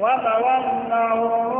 وتولوا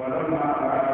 ولما أراد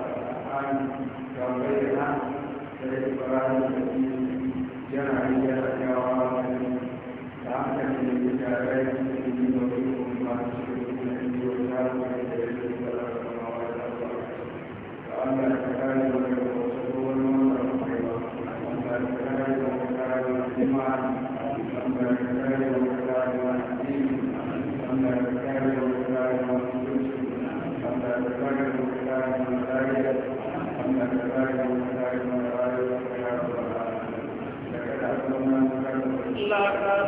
a Thank you. لا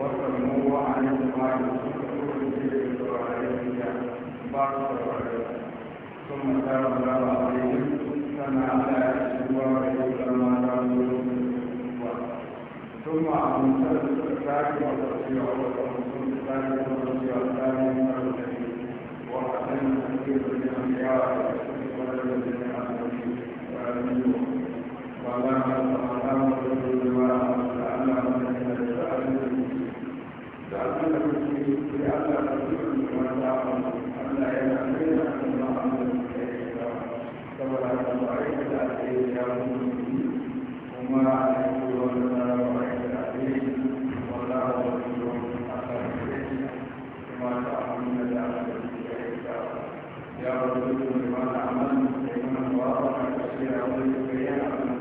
وسموه عن الإمام ثم تاب الله عليهم كما لا يسوى كما تعمل ثم أمسك الكتاب والتفسير وأمسك الكتاب والتفسير الثاني من الكريم وأحسن التفسير للأنبياء ولم يكن أحسن ولا أحسن الله لما أحسن الله من الكتاب Ya Rabbi, kami mohon amal, kami mohon doa, kami percaya, kami percaya, kami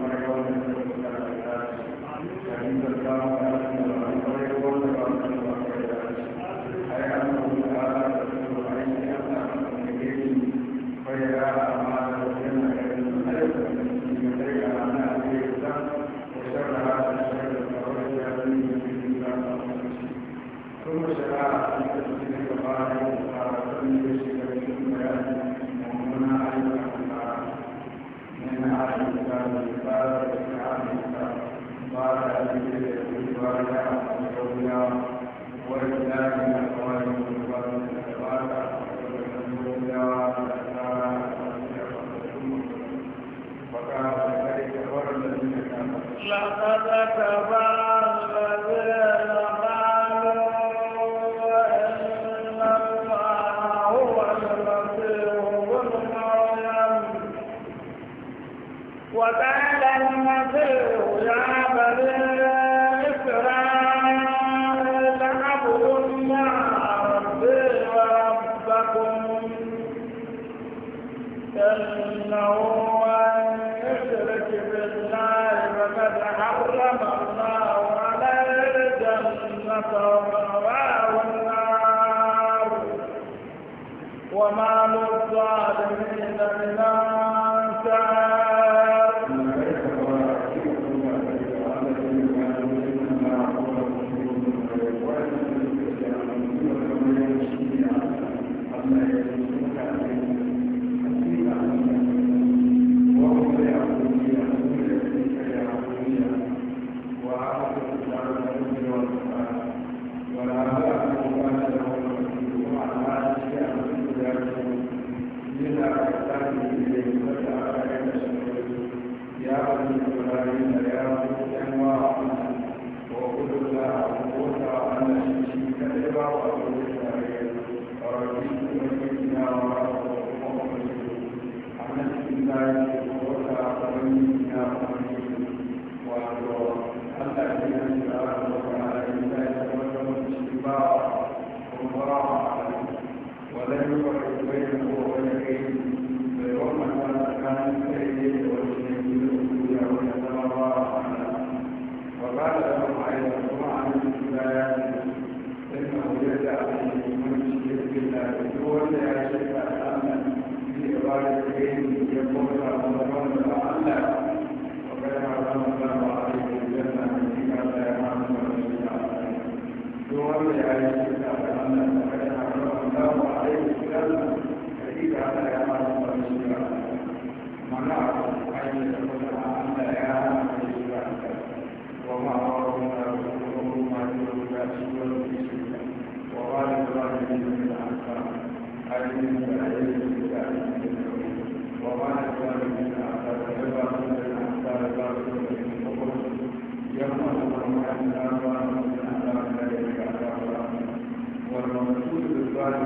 عليه السلام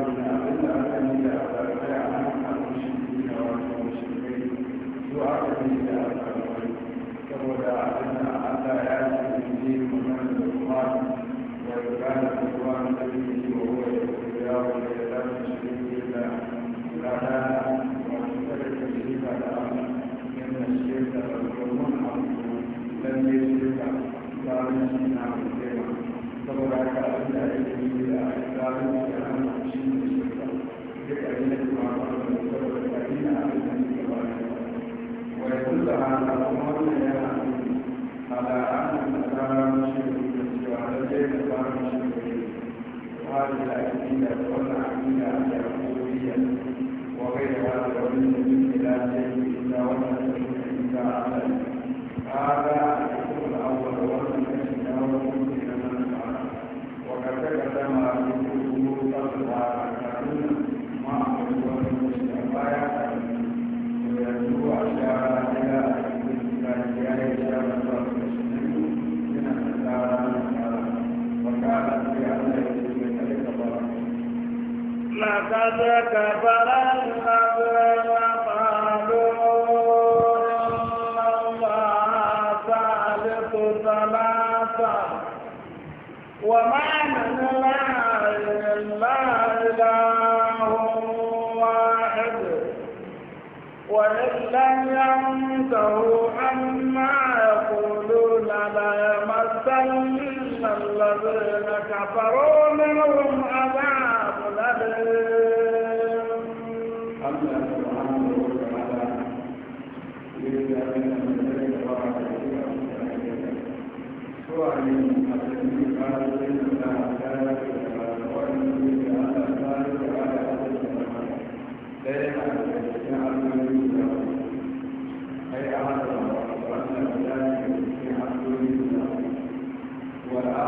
الله عليه وسلم العقيدة والعقيدة اليعقوبية وغيرها ومن تلك لا شيء إلا وحده إلا عمل هذا الحكم الأول والمكشف له من وقد تكلم ليمسن الذين كفروا منهم عذاب أليم الله سبحانه وتعالى يرجع من الملك وعلى سواء من المسلمين قال إن الله تعالى لا يعلم أي أحد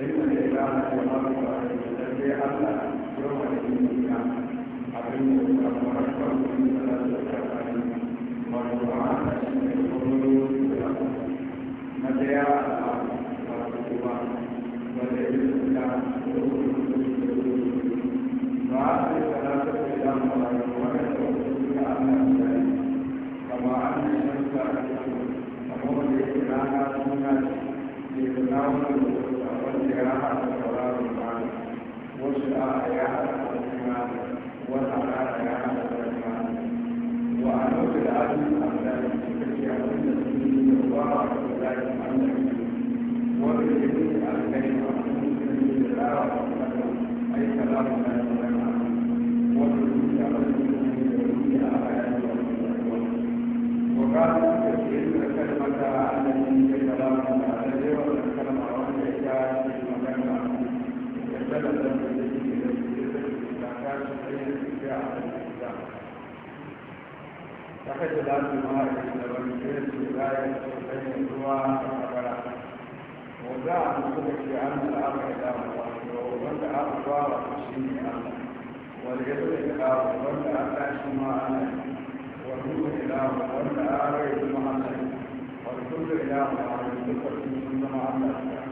inda ne ba na a yi lalle a yi nuna a ta kama an yi a wanda ya haɗa sauraron mani da da da yi da yi da da الكلمة التي فقد ذات ما يتبين ولاية بين الله وكبرى وزاع نصبك لأن الأرض إلى الله ومن أرضى وحشيني الله واليد إلى ومن أتاش ما أنا والروح إلى ومن أعرف ما أنا والكل إلى ومن أعرف ما أنا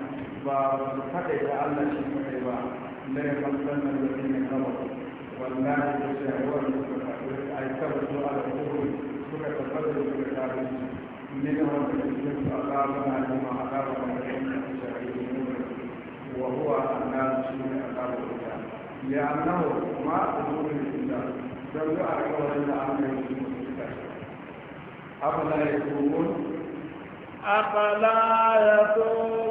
فكتب على شيء كتب لا يقتلن الذين كفروا والناس يشهدون أي كبروا على الكفر سورة القدر في كتابه منهم يجب أقامنا لما أقامنا من الشهيدين وهو الناس من أقامه لأنه ما أدور الإنسان لم يعرفوا إلا أن يكون أفلا يكون أفلا يكون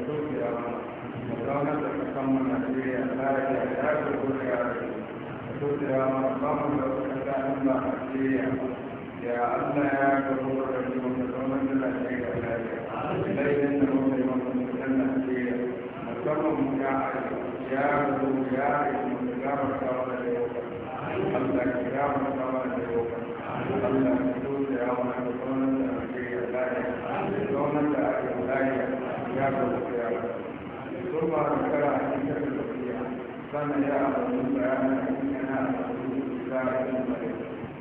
mana da ya ga kuma ya to da bamu da ثم ذكر حديث الوصية فما جاء من بيان انها رسول الله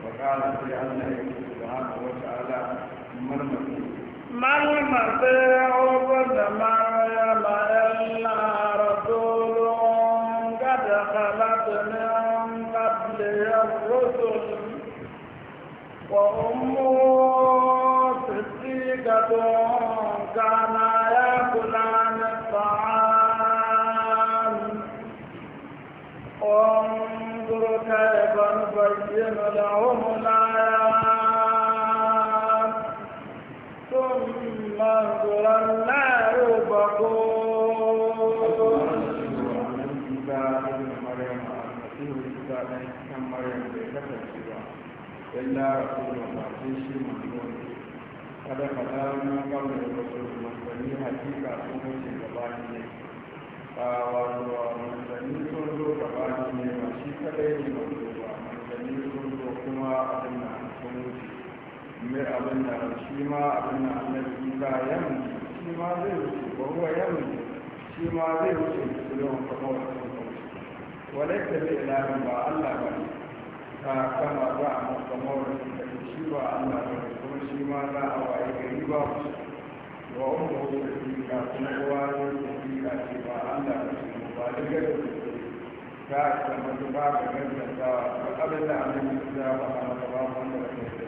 وقال في الله سبحانه وتعالى ما المسيح ما المسيح ابن مريم الا رسول قد خلت من قبله الرسل وامه صديقه وانظر كيف نبين لهم الآيات ثم انظر النار يوبقون إلا رسول الله في مكتوب قد خلقنا قبل الرسول من بني حقيقة أمة الجبال wato manzanni sun zo gabanin ne ba shi kadai ne ba zo zo kuma abin da mai abin da shi ma abin da annabi isa ya mutu shi ma zai wuce ba ruwa ya shi ma zai wuce musulun kuma wasu kuma walaita bai ilahin ba allah ba ne ta kama za a makamawar da shi ba allah ba ne kuma shi ma za a waye gari ba musu wa wanda wasu hakika kuma uwa ne hakika ce ba Allah da su ba da gada su ta ta mutu ba ga gada ta ba da an yi za ba a mata ba wanda ba ta yi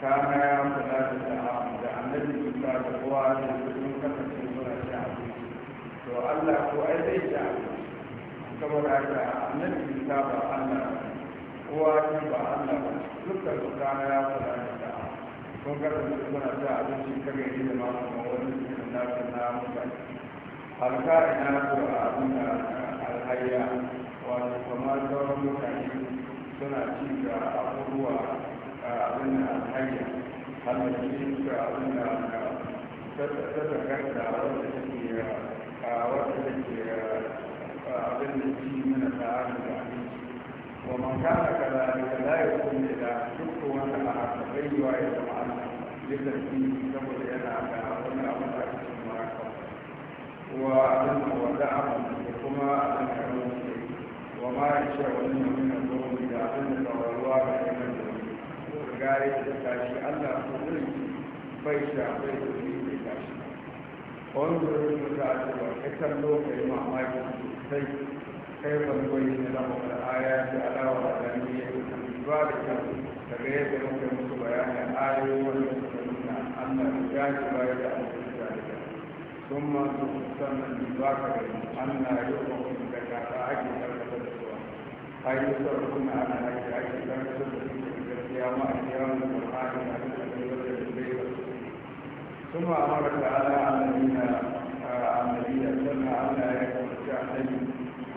ta haya kula da ta'am da annabi isa da uwa ne sun yi suna ci yi. to Allah ko ai zai ci abinci saboda haka annabi isa ba Allah uwa ne ba Allah ba dukkan su ta haya kula da sun karanta suna ta abinci kare shi da masu mawani suna nasu na mutane halka ina su a abin da alhaya wato kamar sauran mutane suna ci ga abubuwa a abin da alhaya halashi ga abin da tattakar da wanda take a wanda take abin da ci mana ta'ar da abin ومن كان كذلك لا يكون إلى شك وأن أعتقد وإذا معنا لتسليم كبر إلى أن أعمل أكثر مركب وأن ودعم وكما أن أعمل وما يشاء من الظلم إلى أن الله إلى الظلم وقال تكاشي ألا تظلم فإشاء بيت في تكاشي وانظر المتعجب وحكم له كلمة ما يكون سيد kaifan kwaikin da mu aya ta alawa da alamiyya ya kuma ba da kyau daga yadda muka musu bayanin ayoyin wani da Allah ya ja shi bayan da an kuma sun ma su da ni ba Allah ya yi kuma da ka ake karkata da su a yi sa kuma ana da shi da su da gaskiya a kira mu da hajji na kuma da yau da a mara ala annabi na annabi da sun Allah ya kuma ci annabi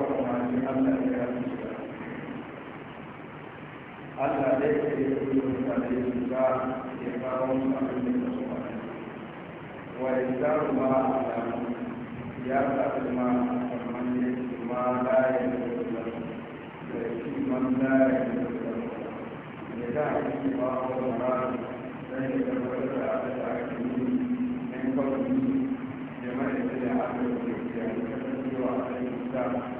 umarni Allah ya yi shi Allah ne ke yi kuma mutane da su ba ya da da ya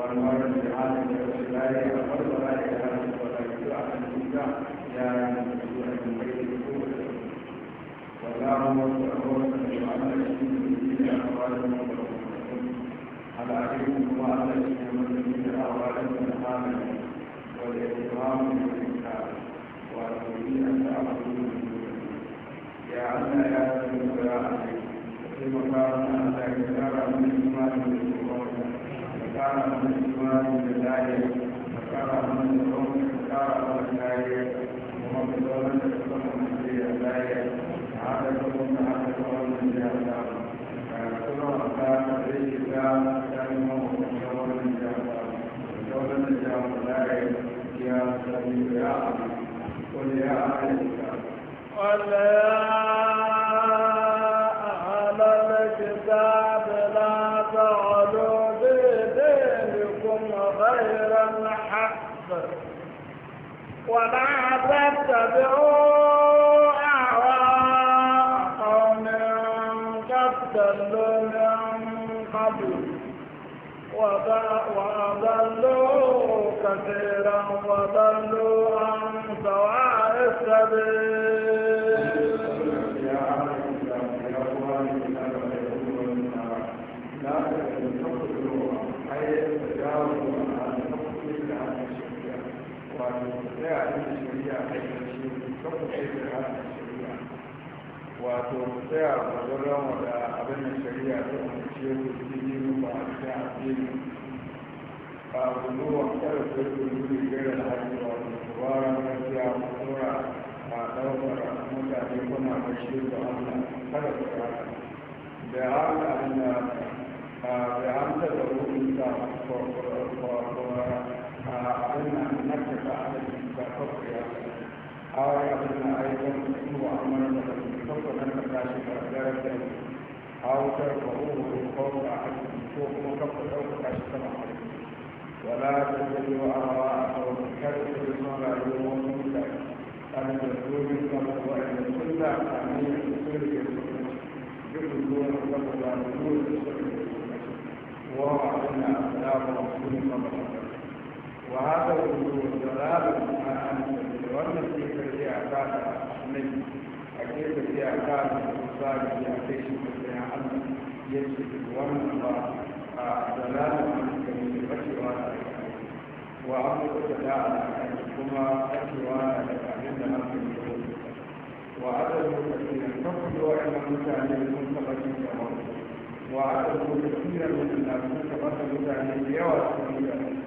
والمرء بحاله لا يأخذ ولا يأخذ ولا يدعى الإنسان يا رسول الله والله هو سبحانه وتعالى أقوالهم وقولهم على عليكم وعلى الذين أقوالهم الآمنة والإكرام والإنكار والذين تعبدون يا الله يا رسول الله في مقام أنت كتاب من إيمان Allah ولا تتبعوا أعواء قوم تبتلوا من قبل وأضلوا كثيرا وضلوا عن سواء السبيل wato tsaya a cikin shari'a a cikin wato tsaya a wajen da abin da shari'a ta umarci ya ku cikin yin ba a cikin addini ba ku kada ku yi kuri gare da hajji wato tubara gaskiya ku tsora a ɗaukar mutane kuna bashi da wannan kada ku rana da haka da da hamsa da rubin sa فقلنا أن نكتب على الكفر أو قلنا أيضا هو أمرنا بالكفر لم نكاشف درجة أو ترفعوه للقوم أحد فوق وكفر أو تكاشف معه ولا تتبعوا أهواءهم وتكفر ما يوم منك أن تكون الصلاة وأن كل أمير كل يقولون لهم لا نقول ووعدنا أخلاق رسول الله وهذا الوجود ضلال ما أنت وأن في أعداد النبي أكيد في أعداد الإنسان في أكيد في أن يجد وأن الله دلالة ما أنت من الأشياء وأمر تداعى كما أشياء عند أمر الوجود وعدد كثيرا فقد وإن المتعلم المنتقل كما وعدد كثيرا من الناس تقدم متعلم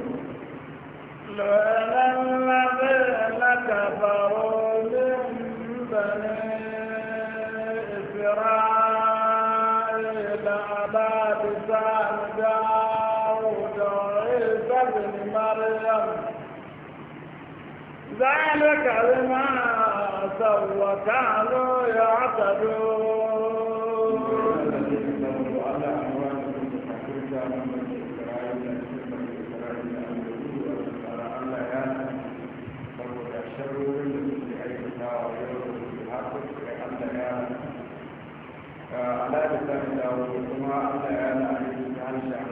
ذلك لما عصوا وكانوا يعتدون على لسان داود ثم أن أنا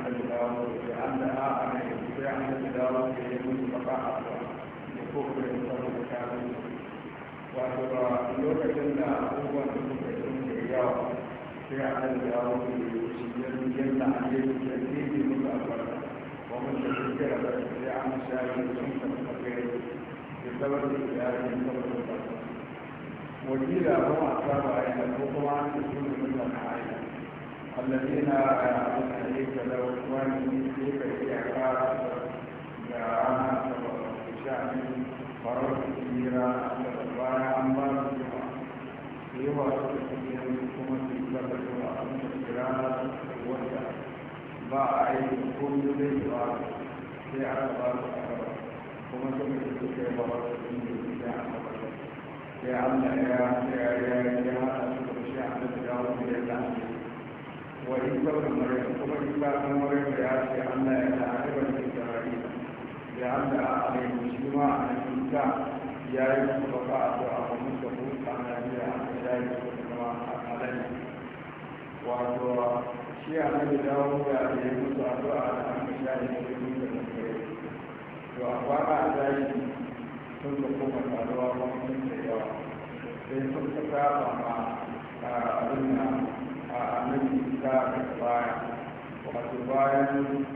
أريد داود لأنها داود في kofar samun tsakanin wato ba lokacin da abubuwan da suka yi yawa sai a nan da yawon da ya wuce yin yadda a yi da zai musu albarka wani da shi kira da sai an shafi da sun tafi gari da sabar da ya yi sabar da ba wakila ba ma saba a yana ko kuma an ce sun da mutum a aina allazina a yawon da ya yi kada wani ne sai ka iya kara da rana sha'anin farar tsira daga baya an ba su jima su yi wasu da suke yanzu kuma su yi ba da jima a kan tsira wanda ba a yi kullum zai ba sai aka ba su a gaba kuma suka yi suka yi ba wasu inda su ya aka ba sai allah ya ya ya ya haɗa su da shi a kan tsira wanda ya la'ani wa isa da maryam kuma isa da maryam ya ce allah ya la'ani ya hamda alaihi a nan ya yi kuma ba a zuwa a mun da a najeriya a ya yi kuma a alaihi wato shi a nan da dawo da ya yi musu a zuwa a nan ya yi da kuma to a kwana a zai sun da kuma taruwa wani da yawa sai sun ka ta ma a abin da a nan ta baya wato bayan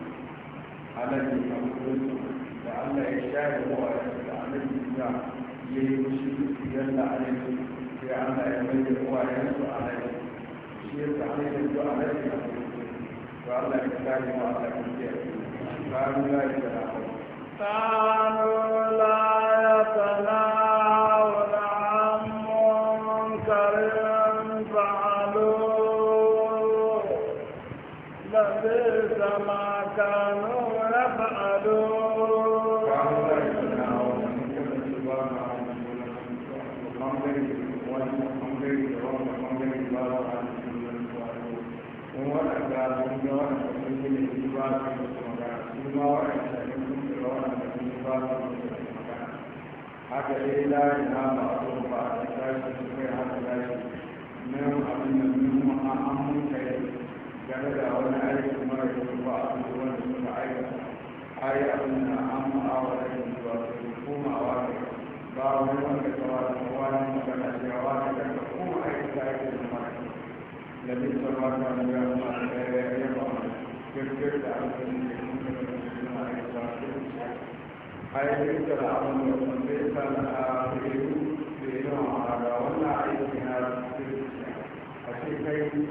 عليه أمره لعل يشاهد ويستعمل بها يمشي يدل عليه لعل يميز وينسو عليه شيخ عليه يدعو عليه وعلى كتاب وعلى كتاب فعلوا لا يتناول لا يتناول عن منكر فعلوه لبئس ما كانوا يفعلون haka ba a so ba a tashi su game da wani aiki mara kyau ba a cikin wanda suka aikata har yi abin da an ma'awa da yin zuwa su a ne ba wani wanda kawa da kowa ne a cewa da kanka kuma aiki ta aiki da mara da bin sama ta nuna masu ɗaya ya yi ba mai kirkir da an sani da yin da kan na aiki ta su aiki da abin da wanda ya sa a da yi da yi na ma'ara wannan aiki na sai kai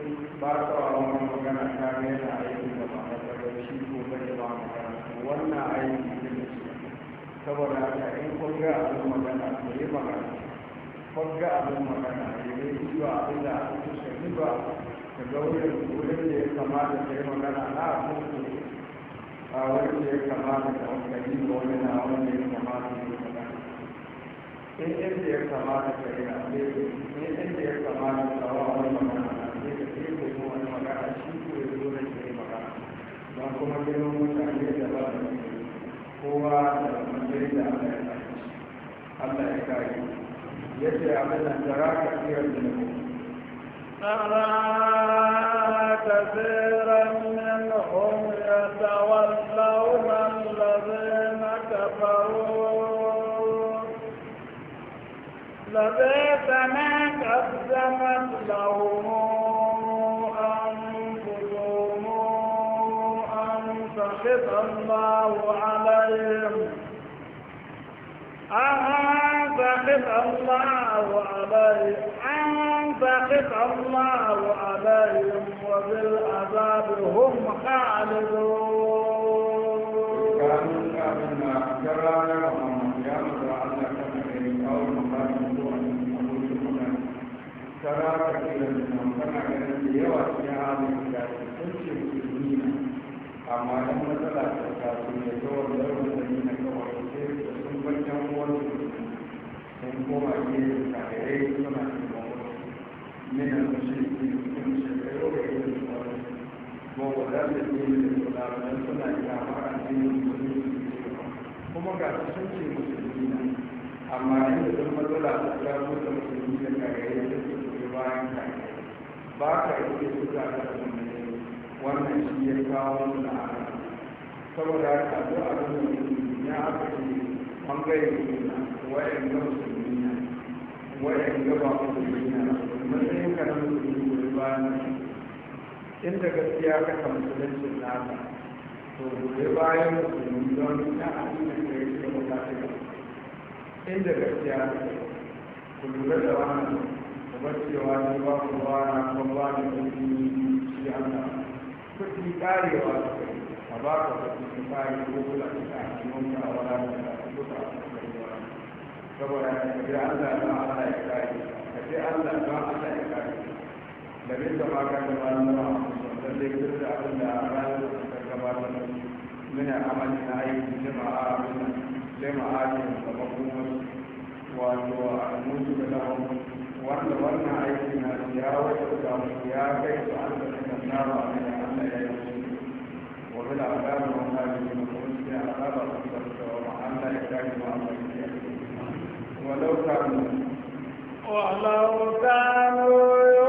ba ka wa wani magana ta ga yana aiki da ba ka ga shi ko ba da ba a wannan aiki ne da shi saboda haka yi kun ga abin magana ta yi magana kun ga abin magana ya yi zuwa abin da a cikin shi ba ka ga wurin wurin da ya kamata ta yi magana na abin da a wurin da ya kamata ka wani na wanda ya kamata magana. sai yadda ya wani magana magana shi da shi magana ba da da kowa da mutane da aka yi rafe tsira فبات ما قدمت لهم أنفسهم أن سخط الله عليهم أن سخط الله عليهم أن وبالعذاب هم خالدون. كانوا كانوا كرامة tara ta kira da kana ganin da yawa ya halin da sun ce musulmi na amma dan matsala ta taso ne kawai da wani na kawai sai da sun bar yan sun koma ne da kare suna cikin من المشركين المشركين وغير المشركين وولاد الدين الإسلام نسنا إلى مرأة دين المسلمين كما قال سنتي المسلمين أما عند المدلة أسلام da كغير bayan ka ba ka iya suka da wannan shi ya kawo na saboda haka zo a wannan mutum ya aka ce bangare na wayan ga musulmi na wayan ga ba musulmi na matsayin ka na musulmi gobe bayan inda gaskiya ka kan musuluncin nasa to gobe bayan musulmi don na abin da ka yi da mutane inda gaskiya ka ku lura da wannan wacewa ne ba ku ba na kuma ba da kuɗi shi Allah kuɗi ƙarewa su kai a ba ka kuɗi su kare ko kula su ka hannun ka a wala da ka kuka saboda ka ji Allah ba Allah ya kare ka ji da ba Allah ya kare da bin da ba ka da ba na ba lalle kun da abin da ranar da ka gabatar muna amalin aiki jama'a abin jama'a ne da makomar wato a mutu da lahon wanda wannan aiki na ya wajen da ya kai su an da suka nama a mai Allah ya yi su wa bila adamu wa hali ne ko sai azaba su da su wa Allah ya kai mu Allah ya yi walau kanu walau kanu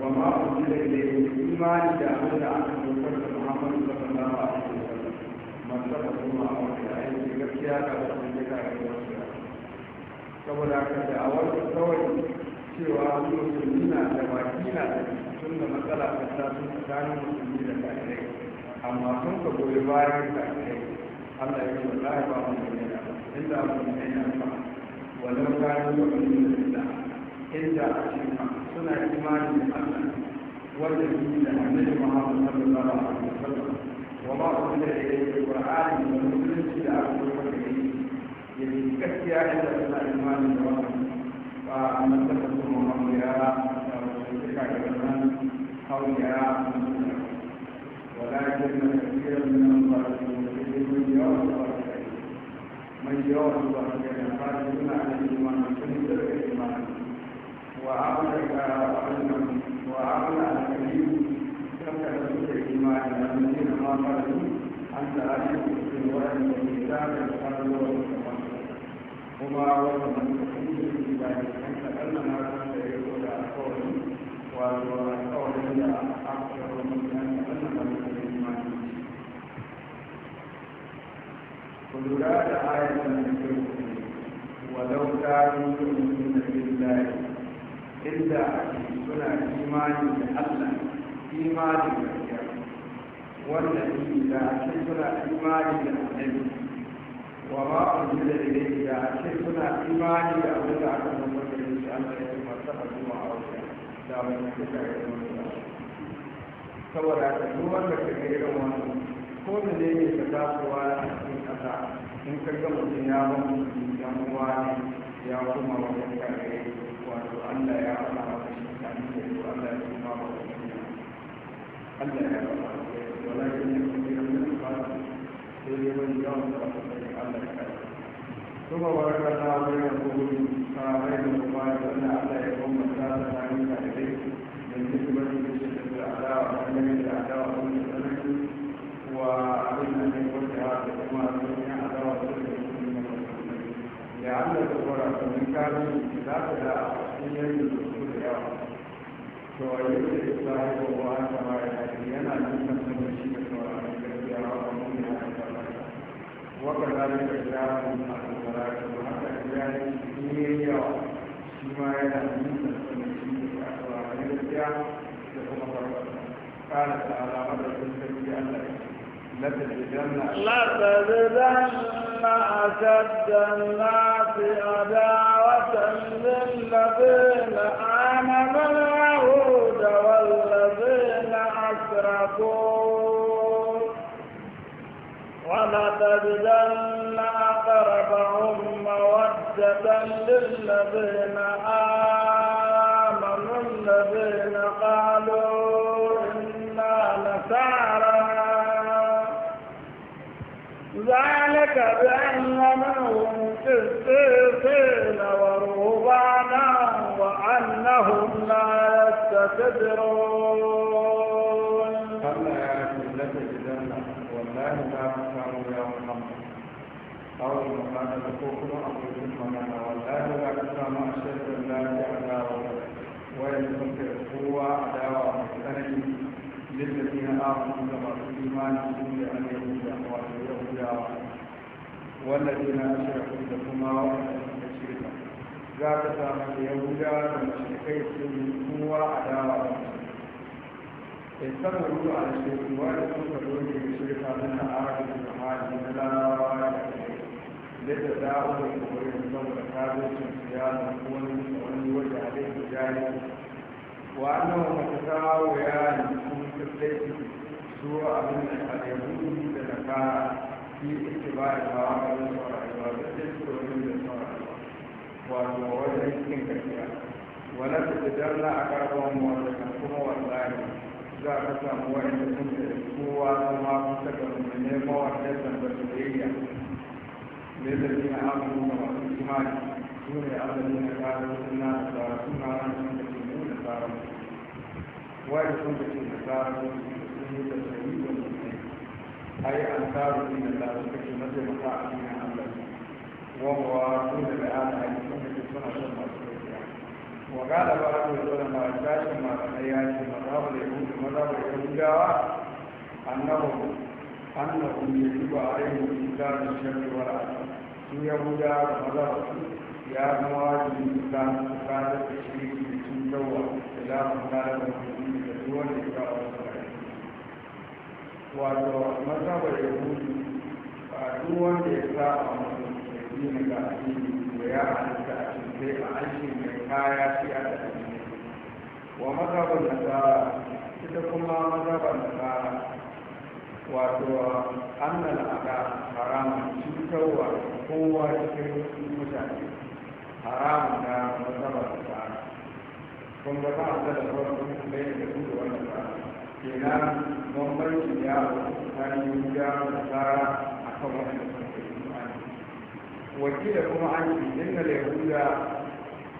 wa ma إليكم ilayhi imani da abin da aka صلى da muhammadu وسلم من wasallam masaba kuma a wani ayyuka gaskiya ga wasu da ka ga wasu saboda ka da a wasu kawai cewa musulmi na da baki na da tun da matsala ta taso tsakanin musulmi da kafirai amma sun ka goyi bayan kafirai Allah ya ce wallahi ba mu da yana inda mu ne na fa walau ba da inda suna imani da Allah wanda shi da annabi Muhammad sallallahu alaihi wasallam wa ma kunta ilayhi qur'ani da musulunci da aka zo da shi yayi gaskiya inda suna imani da wannan fa amma ta kuma mamaya da wasu ka da nan hawaya ولكن كثيرا من الظالمين من يوم من يوم الله كان قال إن على الإيمان كنت الإيمان وعقل وعلما وعقل الكريم كفر بالإيمان الذين ما قالوا أنت أشرك في الولد والكتاب الحمد والسلام وما وصف التحديد بذلك أن تكلم عن يقول القول والقول إلى أكثر من أن تكلم عن الإيمان ولولا آية من ولو كانوا يؤمنون بالله inda ake suna imani da Allah imani da ya wanda ne da ake suna imani da annabi wa ma unzila ilayhi da ake suna imani da abin da aka san maka da shi Allah ya kuma saba zuwa a wata da wani suka yi wani saboda ka duk wanda ka ga irin wannan ko da ne ne ka tasowa a cikin kasa in ka ga mutum ya ba mutum ya uwa ne ya kuma wani kare wato Allah ya faɗa maka shi kamin da yau Allah ya kuma ba ku duniya Allah ya faɗa wala kin ne ku kira mun ba sai dai wani yawan da ku sai Allah ya kada kuma warka ta bayyana ku ta bayyana ku ba da Allah ya kuma ta ta ni ka dai dan duk wani da shi da adawa wannan da adawa wannan da وعلم ان يوجه ثم ان ادرى لعل الغرق من كان لا تدع in ya yi su ba yana da sauran gaskiya da shi ma da kuma قال تعالى لتجدن أشد الناس عداوة للذين آمنوا اليهود والذين أشركوا ولتجدن أقربهم مودة للذين آمنوا الذين قالوا ذلك بأننا قسيسين ورهبانا وأنهم لا يستكبرون الله يا جلة الجنة والله لا تسألوا يا محمد أو المكان تكون أقول المكان والله لا تسألوا أشهد أن لا إله إلا الله وإن كنت قوة عداوة مستند للذين آمنوا لما في إيمانهم لأن يهود yahudawa wallafi na shirku da kuma wanda suka shirka za ka samu da yahudawa da mashirkai sun kowa dawa da In saboda ruwa a shirku wanda suka dole da shirka suna arabi da hali na da kai yadda za a wani kokarin saboda kazocin siyasa ko wani wajen alaihi jari وأنه متساويان يعني في السيف سوى من اليهود لنكار في اتباع الهواء من شرع الله تذكر من شرع الله وتموجه كن كثيرا ولا تتجلى أقربهم وتكفهم والله za ka samu wa'anda sun da kowa kuma kusa ga mutane mawaƙasan da su biyayya da ya zargi na amuru ga masu imani su ne azali na ƙarar suna da tsara suna ran sun da ke nuna tsara wa'anda sun da ke da tsara sun yi da tsari da ai an taru ina da suka ce mace mata a cikin Allah wawa su da la'ada a cikin da suna son masu gaskiya wa gada ba ku da ma tashin masu ayyaci mazhabu da yahudu mazhabu da yahudawa annahu annahu yajibu alaihim islamu sharri wal asr su yahudawa da mazhabu ya zama wajibi su kan da da wato ya yahudu ba duk wanda ya sa a musulmi na ga aiki da ya halitta a cikin a aiki mai kaya shi a da addini wa mazhabar nasara ita kuma na nasara wato annal aka haramun cutarwa kowa cikin mutane haramun na mazhabar nasara kun ga ba a da kuma farkon bayan da duk wannan kenan bambanci ya tsakanin yuda da tsara a kan waɗanda suka yi imani wakila kuma an yi inna da yahuda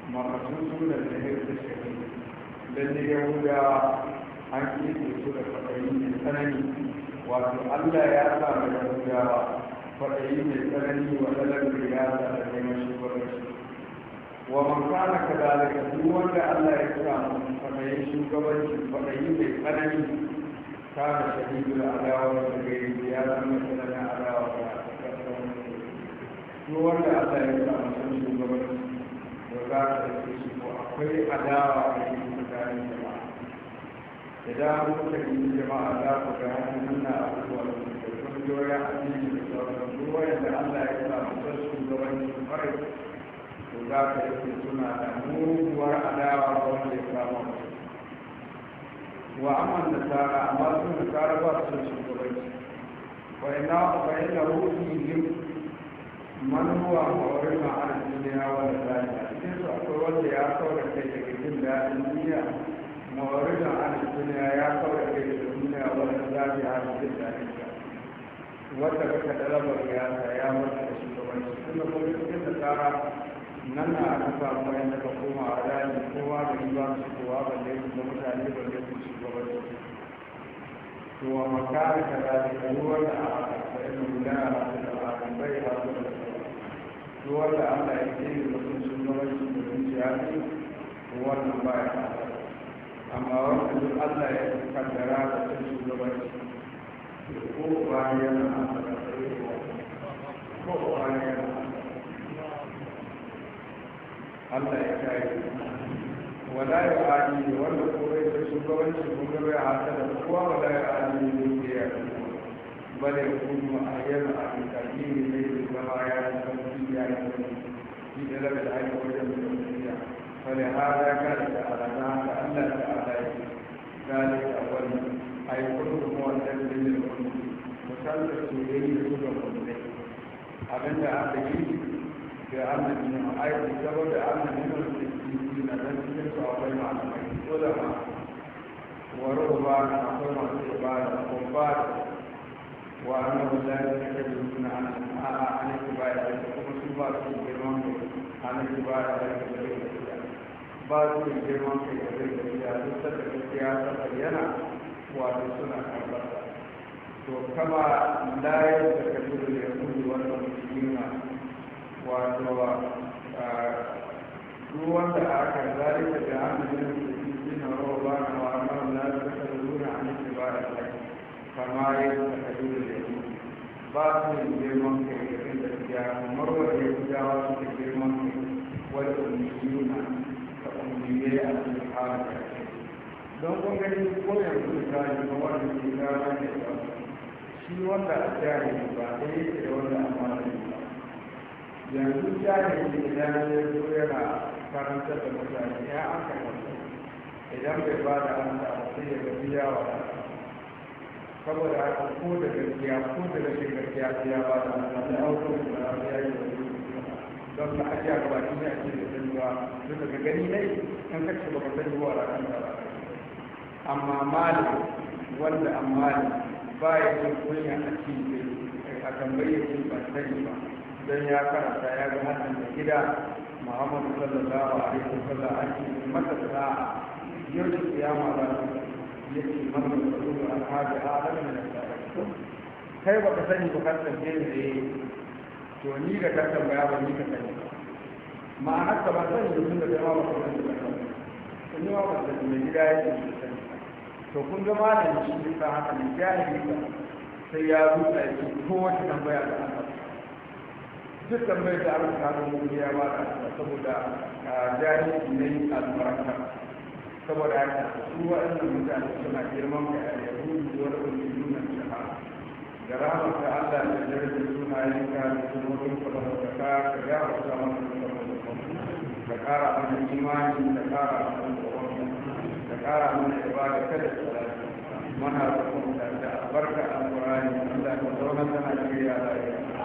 makasun sunan da ya fi shari lalle yahuda an kete su da faɗayi mai tsanani wato allah ya sa mai yahuda faɗayi mai tsanani wa lalar da ya sa da kai mashi wa man ka kadalika duk wanda Allah ya kira mu fadayin shugabanci fadayi mai tsanani kana shahidul adawa da gairi ya zama tsananin adawa da duk wanda Allah ya kira mu shugabanci da za ka yi shi ko akwai adawa a cikin tsakanin jama'a idan kuka yi jama'a za ku ga hannun na abubuwa da kungiyoyin addini da sauran duk wanda Allah ya kira mu shugabanci farai za ka yi suna da muguwar adawa ga wanda ya kama wa amman da tsara amma sun da tsara ba su shugabanci wa ina wa ina ruhi yin manuwa a wurin ma'anar duniya wanda za a cikin su akwai wanda ya saura kai daga jin daɗin duniya mawarida an duniya ya kawai kai da duniya wani zafi a cikin dalilta wata kaka dalabar ya ta ya mata da shugabanci kuma kuma cikin da tsara nan na aka samu wayan daga koma a rayun kowa da riba su kowa balle da mutane balle su ci gaba da to wa makara ka da da ruwa da a da ilmu da da a kan bai ba su da ruwa da Allah ya ce da sun sun gaba su da zuciya ne wannan ba ya amma wanda duk Allah ya kaddara da sun sun gaba su ko ba yana ko ba yana Allah ya kare wala ya ne wanda kuma ya da shugabanci ko bai ya hada da kowa wala ya hadi ne ke ya bale kuma ayyana a kalimi ne da baya da kuma ya yi shi da daga da aiki wajen da duniya wala hada ka da alaka Allah ta alaka ذلك أول أي كل مؤثر من المؤمنين مسلسل يجب أن يكون aka أبدا da annan yin aiki saboda da annan da cikin na dan cikin su akwai malamai ko da ma waro ba na akwai masu da ba da kuma ba wa na wanda ya ke da na annan a a ne ku ba da kuma su ba su ke man ku a ne ku ba da ke ba su da man ku da su ta da ya yana wa suna karba to kama da ya ke da ya ku da wannan cikin na wato ruwan da aka zalika da hannun yin na roba na wa'amman na suka nuna a nufi ba da kai kama ta takadu da yanzu ba su yin girman kai da kan gaskiya kamar wanda ya fi dawa su da girman kai wadda umiyuna da umiyai a cikin halin don kun gani ko yanzu misali ga wanda ke gara ne ba shi wanda a jari ba ɗaya da wanda a mara ne ba yanzu jahili idan ya zo yana karanta da mutane ya an karanta idan bai ba da an da sai ya gaji yawa saboda haka ko da gaskiya ko da rashin gaskiya sai ya ba da an da ya auku da ya yi da don ta ajiya gaba shi ne a cikin da sani ba duk daga gani dai an kace ba ka sani ba a kan ba amma malik wanda amma ba ya jin kunya a cikin a tambaye shi ba sani ba don ya karanta ya ga hannun da gida muhammadu sallallahu alaihi wasallam an ce mata sa'a yau da ma ba ta yake mana da zuwa alhaji a alamin da ta kai ba ka sani ba kan san ne da to ni da ka tambaya ba ni ka sani ma'anar ka ba sani da tun da dama ba ka sani ba kun yi wa ba sani mai gida ya ce to kun ga da shi ne ka haka ne jahili sai ya zo ya ko kowace tambaya da Allah dukkan mai da aka kano mugu ya ba da saboda jari ne a albarka saboda haka su waɗannan mutane suna girman ka a yahudu wani wani nuna shaha da rahama ta Allah da jirgin suna yi ka da sunorin kuma da ka ka ya wata mana da ka kara mana imani da kara mana da da kara da ba da kada su mana da kuma da albarka al-Qur'ani Allah ka zauna tana shirya da